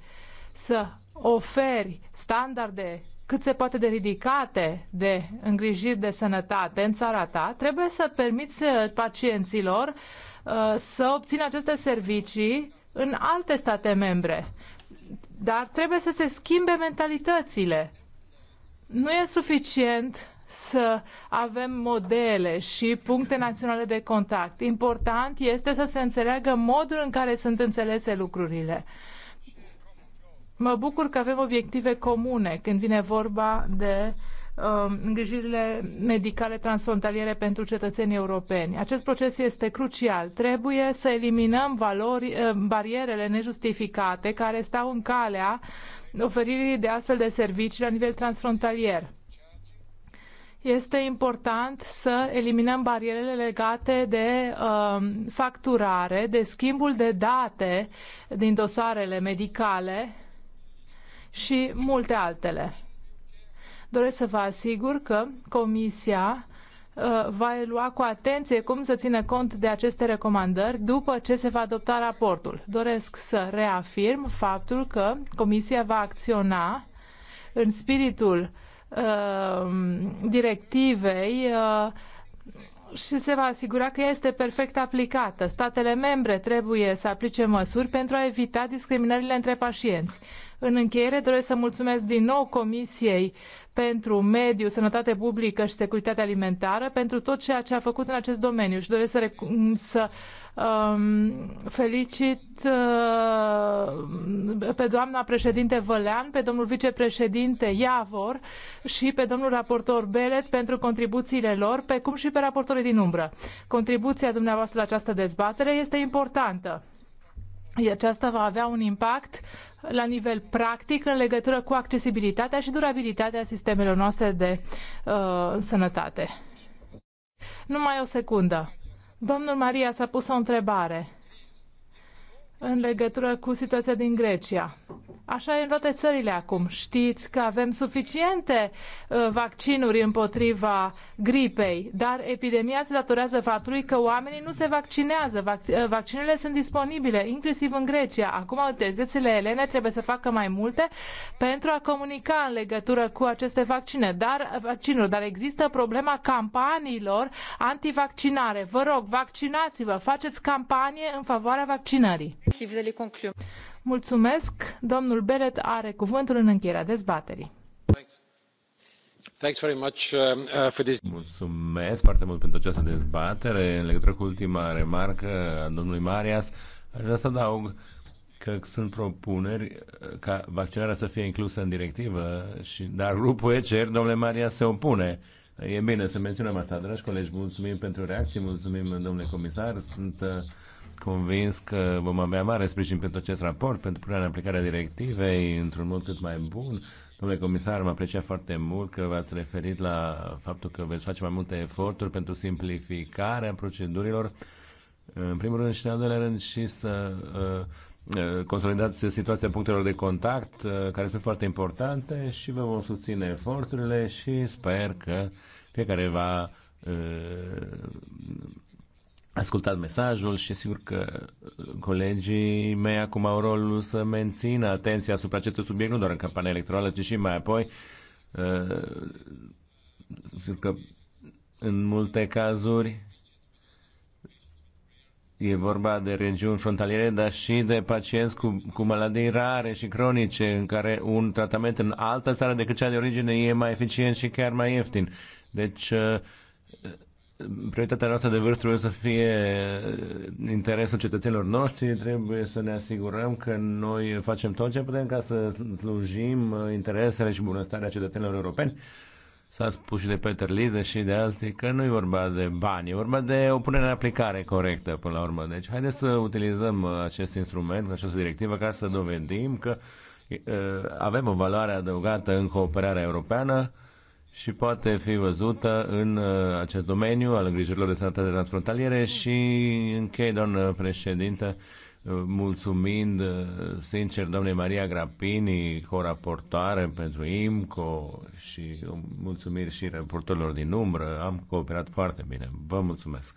să oferi standarde cât se poate de ridicate de îngrijiri de sănătate în țara ta, trebuie să permiți uh, pacienților uh, să obțină aceste servicii în alte state membre. Dar trebuie să se schimbe mentalitățile. Nu e suficient să avem modele și puncte naționale de contact. Important este să se înțeleagă modul în care sunt înțelese lucrurile. Mă bucur că avem obiective comune când vine vorba de uh, îngrijirile medicale transfrontaliere pentru cetățenii europeni. Acest proces este crucial. Trebuie să eliminăm valori, uh, barierele nejustificate care stau în calea oferirii de astfel de servicii la nivel transfrontalier este important să eliminăm barierele legate de uh, facturare, de schimbul de date din dosarele medicale și multe altele. Doresc să vă asigur că Comisia uh, va lua cu atenție cum să țină cont de aceste recomandări după ce se va adopta raportul. Doresc să reafirm faptul că Comisia va acționa în spiritul uh, Uh, directivei uh, și se va asigura că ea este perfect aplicată. Statele membre trebuie să aplice măsuri pentru a evita discriminările între pacienți. În încheiere doresc să mulțumesc din nou Comisiei pentru Mediu, Sănătate Publică și Securitate Alimentară pentru tot ceea ce a făcut în acest domeniu și doresc să, să um, felicit uh, pe doamna președinte Vălean, pe domnul vicepreședinte Iavor și pe domnul raportor Belet pentru contribuțiile lor, pe cum și pe raportorii din umbră. Contribuția dumneavoastră la această dezbatere este importantă. Aceasta va avea un impact la nivel practic în legătură cu accesibilitatea și durabilitatea sistemelor noastre de uh, sănătate. Numai o secundă. Domnul Maria s-a pus o întrebare în legătură cu situația din Grecia. Așa e în toate țările acum. Știți că avem suficiente uh, vaccinuri împotriva gripei, dar epidemia se datorează faptului că oamenii nu se vaccinează. Vac- uh, vaccinurile sunt disponibile, inclusiv în Grecia. Acum autoritățile elene trebuie să facă mai multe pentru a comunica în legătură cu aceste vaccine. Dar, uh, vaccinuri, dar există problema campaniilor antivaccinare. Vă rog, vaccinați-vă, faceți campanie în favoarea vaccinării. Mulțumesc. Domnul Beret are cuvântul în încheierea dezbaterii. Uh, uh, Mulțumesc foarte mult pentru această dezbatere. În legătură cu ultima remarcă a domnului Marias, aș vrea să adaug că sunt propuneri uh, ca vaccinarea să fie inclusă în directivă, și, dar grupul ECR, domnule Marias, se opune. E bine să menționăm asta, dragi colegi. Mulțumim pentru reacții, mulțumim, domnule comisar. Sunt convins că vom avea mare sprijin pentru acest raport, pentru punerea în aplicarea directivei într-un mod cât mai bun. Domnule comisar, mă aprecia foarte mult că v-ați referit la faptul că veți face mai multe eforturi pentru simplificarea procedurilor, în primul rând și în al doilea rând și să uh, uh consolidați situația punctelor de contact, uh, care sunt foarte importante și vă vom susține eforturile și sper că fiecare va uh, ascultat mesajul și sigur că uh, colegii mei acum au rolul să mențină atenția asupra acestui subiect, nu doar în campania electorală, ci și mai apoi. Uh, sigur că în multe cazuri e vorba de regiuni frontaliere, dar și de pacienți cu, cu maladii rare și cronice, în care un tratament în altă țară decât cea de origine e mai eficient și chiar mai ieftin. Deci, uh, prioritatea noastră de vârstă trebuie să fie uh, interesul cetățenilor noștri, trebuie să ne asigurăm că noi facem tot ce putem ca să slujim uh, interesele și bunăstarea cetățenilor europeni. S-a spus și de Peter Lize și de alții că nu e vorba de bani, e vorba de o punere în aplicare corectă până la urmă. Deci haideți să utilizăm uh, acest instrument, această directivă, ca să dovedim că avem o valoare adăugată în cooperarea europeană, și poate fi văzută în uh, acest domeniu al îngrijirilor de sănătate transfrontaliere și închei, doamnă președintă, uh, mulțumind uh, sincer doamnei Maria Grapini, co-raportoare pentru IMCO și mulțumiri și raportorilor din umbră. Am cooperat foarte bine. Vă mulțumesc!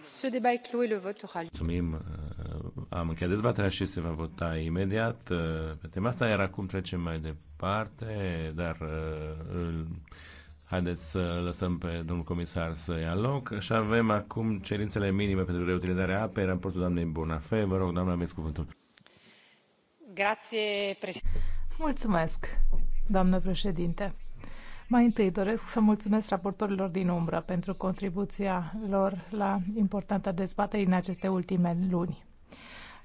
Ce débat est clos et le vote aura lieu. Mulțumim. Uh, am încheiat dezbaterea și se va vota imediat uh, pe tema asta, iar acum trecem mai departe, dar uh, haideți să lăsăm pe domnul comisar să ia loc și avem acum cerințele minime pentru reutilizarea apei, raportul doamnei Bonafe. Vă rog, doamna, aveți cuvântul. președinte. Mulțumesc, doamnă președinte. Mai întâi doresc să mulțumesc raportorilor din umbră pentru contribuția lor la importanta dezbatere în aceste ultime luni.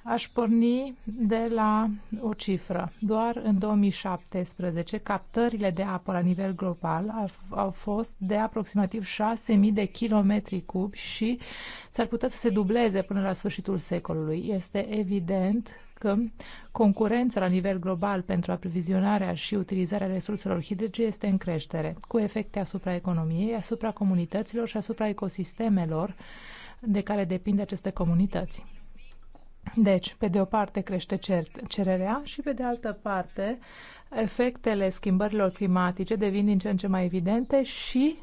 Aș porni de la o cifră. Doar în 2017, captările de apă la nivel global au fost de aproximativ 6.000 de kilometri cubi și s-ar putea să se dubleze până la sfârșitul secolului. Este evident că concurența la nivel global pentru aprovizionarea și utilizarea resurselor hidrice este în creștere, cu efecte asupra economiei, asupra comunităților și asupra ecosistemelor de care depind aceste comunități. Deci, pe de o parte crește cer cererea și pe de altă parte efectele schimbărilor climatice devin din ce în ce mai evidente și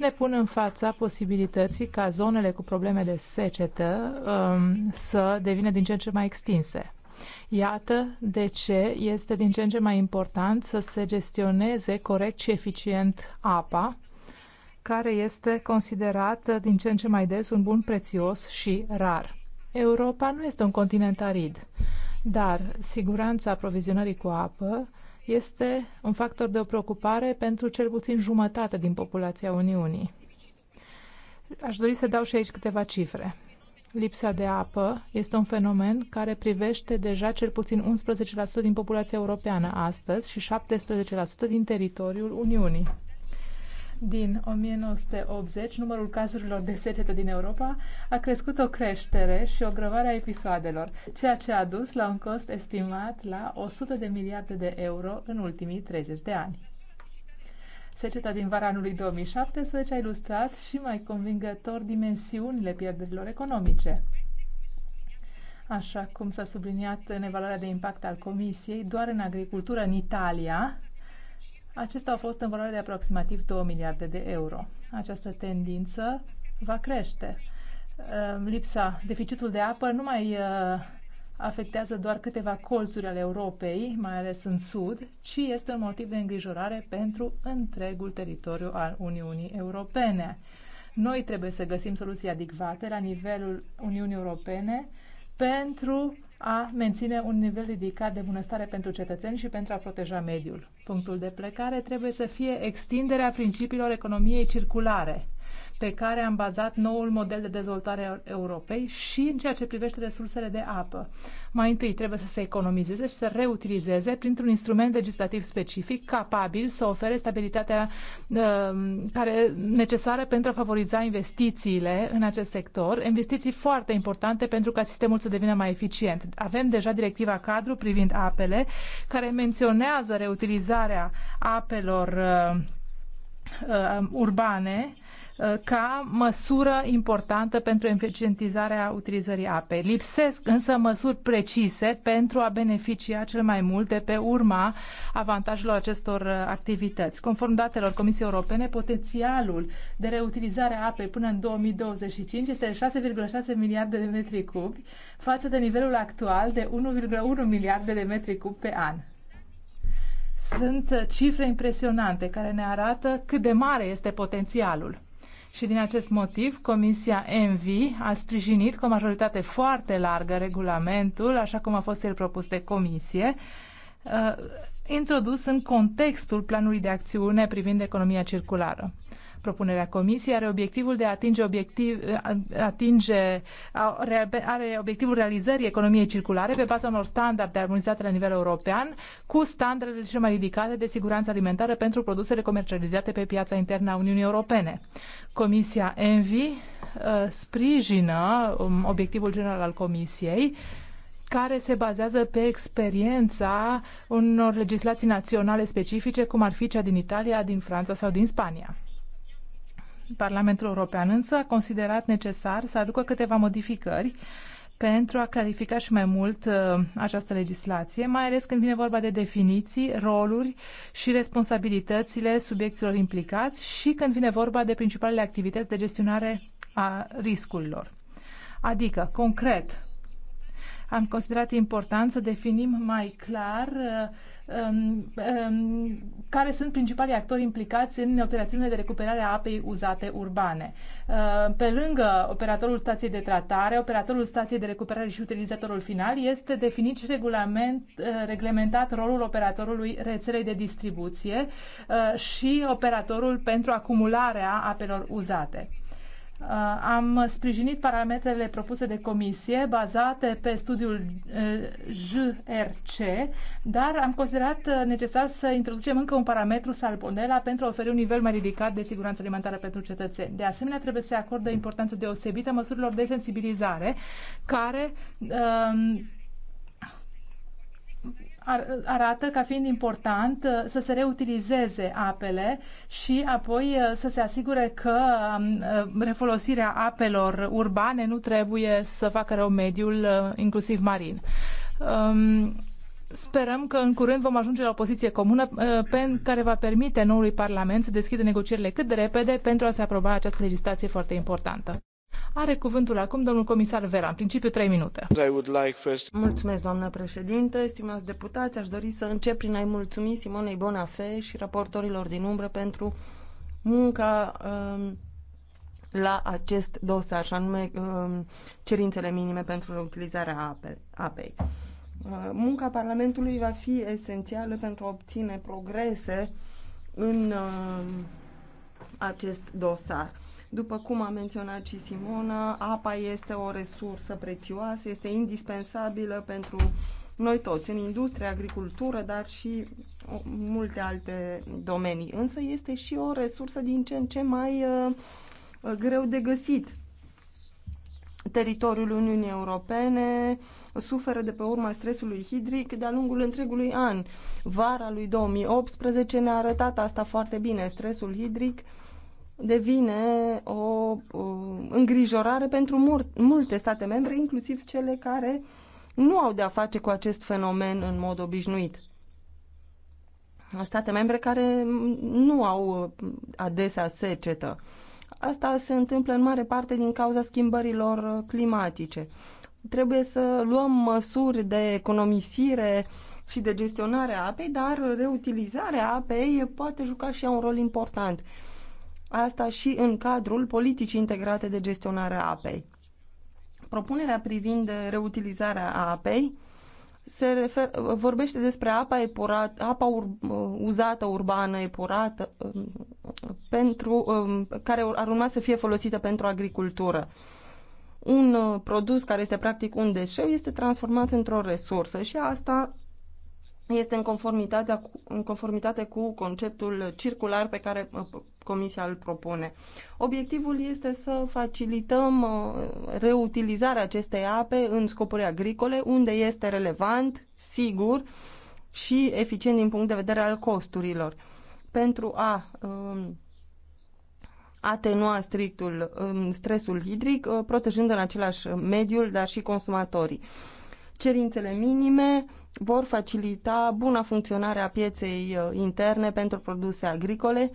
ne pun în fața posibilității ca zonele cu probleme de secetă um, să devină din ce în ce mai extinse. Iată de ce este din ce în ce mai important să se gestioneze corect și eficient apa, care este considerată din ce în ce mai des un bun prețios și rar. Europa nu este un continent arid, dar siguranța aprovizionării cu apă este un factor de preocupare pentru cel puțin jumătate din populația Uniunii. Aș dori să dau și aici câteva cifre. Lipsa de apă este un fenomen care privește deja cel puțin 11% din populația europeană astăzi și 17% din teritoriul Uniunii din 1980, numărul cazurilor de secetă din Europa a crescut o creștere și o grăvare a episoadelor, ceea ce a dus la un cost estimat la 100 de miliarde de euro în ultimii 30 de ani. Seceta din vara anului 2017 a ilustrat și mai convingător dimensiunile pierderilor economice. Așa cum s-a subliniat în evaluarea de impact al Comisiei, doar în agricultură în Italia, Acestea au fost în valoare de aproximativ 2 miliarde de euro. Această tendință va crește. Ehm, lipsa, deficitul de apă nu mai ehm, afectează doar câteva colțuri ale Europei, mai ales în sud, ci este un motiv de îngrijorare pentru întregul teritoriu al Uniunii Europene. Noi trebuie să găsim soluții adecvate la nivelul Uniunii Europene pentru a menține un nivel ridicat de bunăstare pentru cetățeni și pentru a proteja mediul. Punctul de plecare trebuie să fie extinderea principiilor economiei circulare pe care am bazat noul model de dezvoltare a Europei și în ceea ce privește resursele de apă. Mai întâi trebuie să se economizeze și să reutilizeze printr-un instrument legislativ specific capabil să ofere stabilitatea uh, care necesară pentru a favoriza investițiile în acest sector, investiții foarte importante pentru ca sistemul să devină mai eficient. Avem deja directiva cadru privind apele care menționează reutilizarea apelor uh, uh, urbane uh, Uh, ca măsură importantă pentru eficientizarea utilizării apei. Lipsesc însă măsuri precise pentru a beneficia cel mai mult de pe urma avantajelor acestor uh, activități. Conform datelor Comisiei Europene, potențialul de reutilizare a apei până în 2025 este de 6,6 miliarde de metri cubi față de nivelul actual de 1,1 miliarde de metri cubi pe an. Sunt uh, cifre impresionante care ne arată cât de mare este potențialul. Și din acest motiv, Comisia MV a sprijinit cu o majoritate foarte largă regulamentul, așa cum a fost el propus de Comisie, uh, introdus în contextul planului de acțiune privind economia circulară. Propunerea Comisiei are obiectivul de a atinge, obiectiv, atinge are obiectivul realizării economiei circulare pe baza unor standarde armonizate la nivel european cu standardele cele mai ridicate de siguranță alimentară pentru produsele comercializate pe piața internă a Uniunii Europene. Comisia ENVI uh, sprijină um, obiectivul general al Comisiei care se bazează pe experiența unor legislații naționale specifice, cum ar fi cea din Italia, din Franța sau din Spania. Parlamentul European însă a considerat necesar să aducă câteva modificări pentru a clarifica și mai mult uh, această legislație, mai ales când vine vorba de definiții, roluri și responsabilitățile subiecților implicați și când vine vorba de principalele activități de gestionare a riscurilor. Adică, concret, am considerat important să definim mai clar uh, Um, um, care sunt principalii actori implicați în operațiunile de recuperare a apei uzate urbane. Uh, pe lângă operatorul stației de tratare, operatorul stației de recuperare și utilizatorul final este definit și regulament, uh, reglementat rolul operatorului rețelei de distribuție uh, și operatorul pentru acumularea apelor uzate. Uh, am sprijinit parametrele propuse de comisie bazate pe studiul uh, JRC, dar am considerat uh, necesar să introducem încă un parametru salmonella pentru a oferi un nivel mai ridicat de siguranță alimentară pentru cetățeni. De asemenea, trebuie să se acordă importanță deosebită măsurilor de sensibilizare care ar, arată ca fiind important uh, să se reutilizeze apele și apoi uh, să se asigure că um, uh, refolosirea apelor urbane nu trebuie să facă rău mediul, inclusiv marin. Um, sperăm că în curând vom ajunge la o poziție comună pe care va permite noului Parlament să deschidă negocierile cât de repede pentru a se aproba această legislație foarte importantă. Are cuvântul acum domnul comisar Vera, în principiu 3 minute. Mulțumesc, doamnă președinte, stimați deputați, aș dori să încep prin a-i mulțumi Simonei Bonafe și raportorilor din umbră pentru munca um, la acest dosar, și anume um, cerințele minime pentru reutilizarea ape, apei. Uh, munca Parlamentului va fi esențială pentru a obține progrese în uh, acest dosar. După cum a menționat și Simona, apa este o resursă prețioasă, este indispensabilă pentru noi toți, în industrie, agricultură, dar și multe alte domenii. Însă este și o resursă din ce în ce mai uh, greu de găsit. Teritoriul Uniunii Europene suferă de pe urma stresului hidric de-a lungul întregului an. Vara lui 2018 ne-a arătat asta foarte bine. Stresul hidric uh, devine o îngrijorare pentru multe state membre, inclusiv cele care nu au de-a face cu acest fenomen în mod obișnuit. State membre care nu au adesea secetă. Asta se întâmplă în mare parte din cauza schimbărilor climatice. Trebuie să luăm măsuri de economisire și de gestionare a apei, dar reutilizarea apei poate juca și ea un rol important asta și în cadrul politicii integrate de gestionare a apei. Propunerea privind reutilizarea apei se refer, vorbește despre apa, epurat, apa ur, uzată, urbană, epurată, um, pentru, um, care ar urma să fie folosită pentru agricultură. Un uh, produs care este practic un deșeu este transformat într-o resursă și asta este în conformitate, în conformitate cu conceptul circular pe care uh, Comisia îl propune. Obiectivul este să facilităm uh, reutilizarea acestei ape în scopuri agricole, unde este relevant, sigur și eficient din punct de vedere al costurilor. Pentru a um, atenua strictul um, stresul hidric, uh, protejând în același mediul, dar și consumatorii. Cerințele minime, uh, vor facilita buna funcționare a pieței uh, interne pentru produse agricole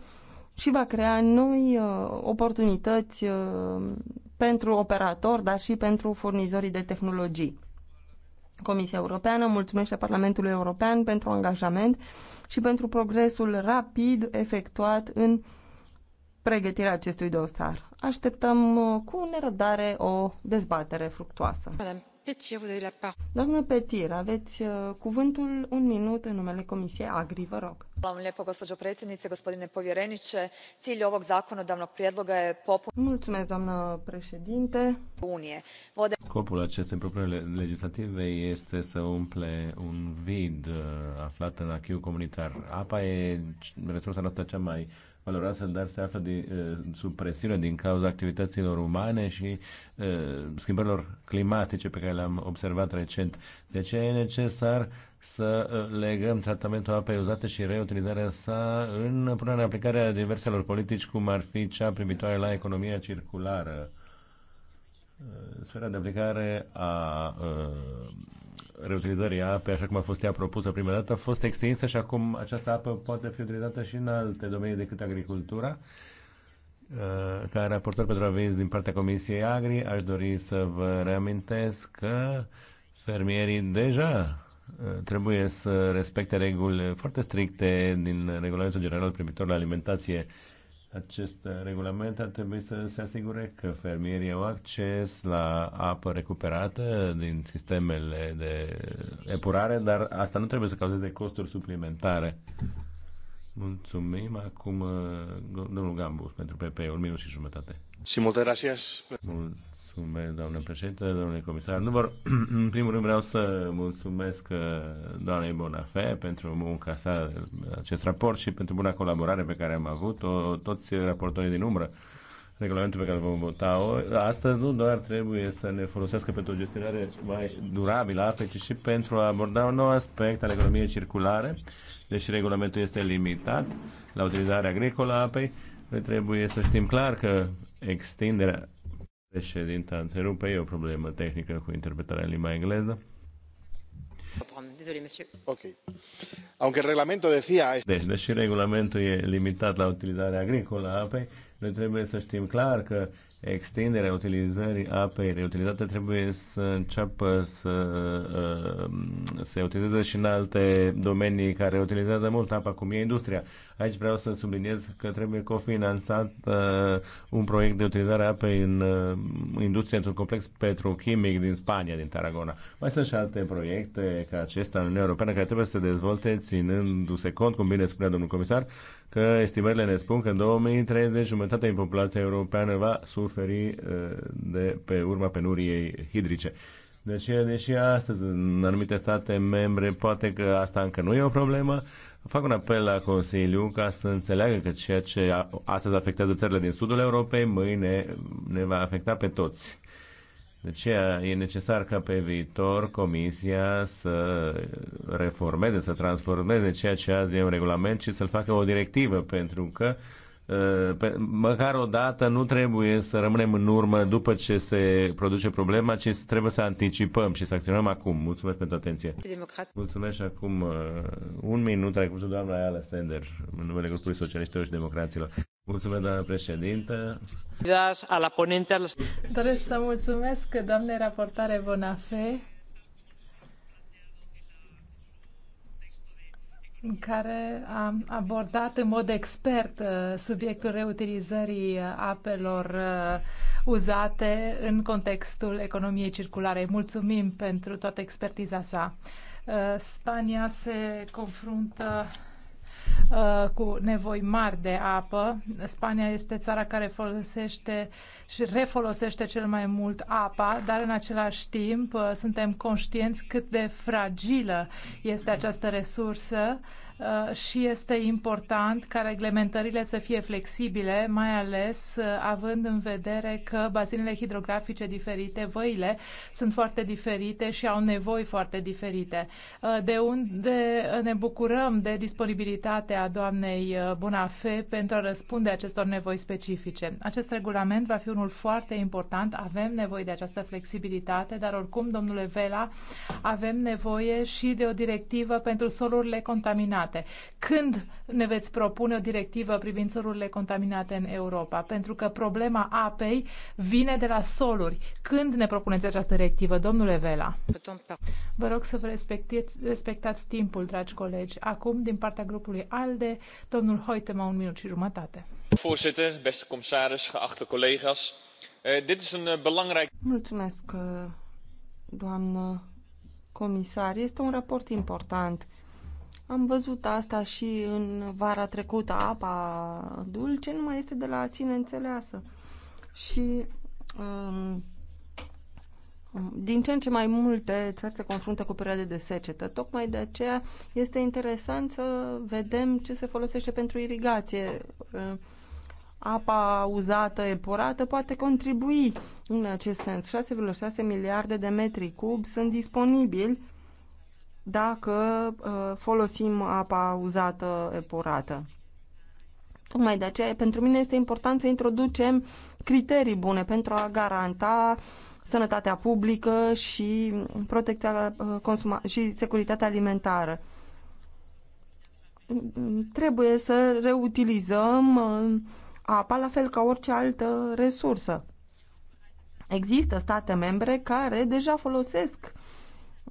și va crea noi uh, oportunități uh, pentru operatori, dar și pentru furnizorii de tehnologii. Comisia Europeană mulțumește Parlamentului European pentru angajament și pentru progresul rapid efectuat în pregătirea acestui dosar. Așteptăm cu nerăbdare o dezbatere fructuoasă. Madame. Doamnă Petir, aveți uh, cuvântul un minut în numele Comisiei Agri, vă rog. Mulțumesc, doamnă președinte. Scopul acestei propuneri legislative este să umple un vid uh, aflat în achiul comunitar. Apa e resursa noastră cea mai valoroasă, dar se află din, eh, sub presiune din cauza activităților umane și eh, schimbărilor climatice pe care le-am observat recent. De ce e necesar să eh, legăm tratamentul apei uzate și reutilizarea sa în punerea în aplicare a diverselor politici, cum ar fi cea privitoare la economia circulară? Sfera de aplicare a reutilizării apei, așa cum a fost ea propusă prima dată, a fost extinsă și acum această apă poate fi utilizată și în alte domenii decât agricultura. Uh, ca raportor pentru avizi din partea Comisiei Agri, aș dori să vă reamintesc că fermierii deja uh, trebuie să respecte reguli foarte stricte din Regulamentul General privitor la alimentație acest regulament ar trebui să se asigure că fermierii au acces la apă recuperată din sistemele de epurare, dar asta nu trebuie să cauzeze costuri suplimentare. Mulțumim. Acum, uh, domnul Gambus, pentru PP, un minut și jumătate. Sí, muchas gracias. Mul- Mulțumesc, doamnă președinte, domnule comisar. Nu vor, *clears throat* în primul rând vreau să mulțumesc uh, doamnei Bonafé pentru munca sa, acest raport și pentru buna colaborare pe care am avut-o, toți raportorii din umbră. Regulamentul pe care vom vota o, astăzi nu doar trebuie să ne folosească pentru o gestionare mai durabilă a apei, ci și pentru a aborda un nou aspect al economiei circulare, deși regulamentul este limitat la utilizarea agricolă a apei, noi trebuie să știm clar că extinderea Președinta, întrerupe, e o problemă tehnică cu interpretarea în limba engleză. Deci, deși regulamentul e limitat la utilizarea agricolă a apei, noi trebuie să știm clar că extinderea utilizării apei reutilizate trebuie să înceapă să uh, se utilizeze și în alte domenii care utilizează mult apa, cum e industria. Aici vreau să subliniez că trebuie cofinanțat uh, un proiect de utilizare a apei în uh, industria într-un complex petrochimic din Spania, din Tarragona. Mai sunt și alte proiecte ca acesta în Uniunea Europeană care trebuie să se dezvolte ținându-se cont, cum bine spunea domnul comisar, că estimările ne spun că în 2030 jumătatea din populația europeană va suferi uh, de pe urma penuriei hidrice. Deci, deși astăzi în anumite state membre poate că asta încă nu e o problemă, fac un apel la Consiliu ca să înțeleagă că ceea ce astăzi afectează țările din sudul Europei, mâine ne va afecta pe toți. De aceea e necesar ca pe viitor Comisia să reformeze, să transformeze ceea ce azi e un regulament și să-l facă o directivă, pentru că uh, pe, măcar o dată nu trebuie să rămânem în urmă după ce se produce problema, ci trebuie să anticipăm și să acționăm acum. Mulțumesc pentru atenție. Democrat. Mulțumesc acum uh, un minut, are cuvântul doamna Ayala Sender, în numele grupului socialiștilor și democraților. Mulțumesc, doamna președintă. Doresc să mulțumesc doamnei raportare Bonafé, care a abordat în mod expert uh, subiectul reutilizării uh, apelor uh, uzate în contextul economiei circulare. Mulțumim pentru toată expertiza sa. Spania se confruntă Uh, cu nevoi mari de apă. Spania este țara care folosește și refolosește cel mai mult apa, dar în același timp uh, suntem conștienți cât de fragilă este această resursă Uh, și este important ca reglementările să fie flexibile, mai ales uh, având în vedere că bazinele hidrografice diferite, văile, sunt foarte diferite și au nevoi foarte diferite. Uh, de unde ne bucurăm de disponibilitatea doamnei Bunafe pentru a răspunde acestor nevoi specifice. Acest regulament va fi unul foarte important. Avem nevoie de această flexibilitate, dar oricum, domnule Vela, avem nevoie și de o directivă pentru solurile contaminate contaminate. Când ne veți propune o directivă privind țărurile contaminate în Europa? Pentru că problema apei vine de la soluri. Când ne propuneți această directivă, domnule Vela? Vă rog să vă respectați, respectați timpul, dragi colegi. Acum, din partea grupului ALDE, domnul Hoitema, un minut și jumătate. Voorzitter, beste commissaris, geachte collega's. Eh, dit is een eh, belangrijk. Mulțumesc, eh, doamnă comisar. Este un raport important am văzut asta și în vara trecută, apa dulce nu mai este de la ține înțeleasă. Și um, um, din ce în ce mai multe țări se confruntă cu perioade de secetă. Tocmai de aceea este interesant să vedem ce se folosește pentru irigație. Uh, apa uzată, epurată, poate contribui în acest sens. 6,6 miliarde de metri cub sunt disponibili dacă uh, folosim apa uzată epurată. Tocmai de aceea, pentru mine este important să introducem criterii bune pentru a garanta sănătatea publică și protecția uh, consuma- și securitatea alimentară. Trebuie să reutilizăm uh, apa la fel ca orice altă resursă. Există state membre care deja folosesc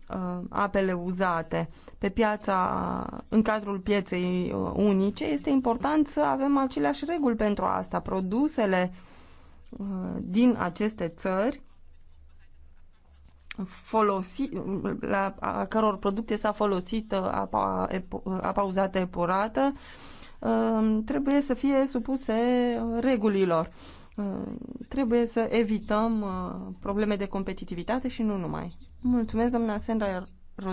Uh, apele uzate pe piața, în cadrul pieței uh, unice, este important să avem aceleași reguli pentru asta. Produsele uh, din aceste țări folosi, la a căror producte s-a folosit apa, apa uzată epurată, trebuie să fie supuse regulilor. Trebuie să evităm probleme de competitivitate și nu numai. Mulțumesc, doamna Sandra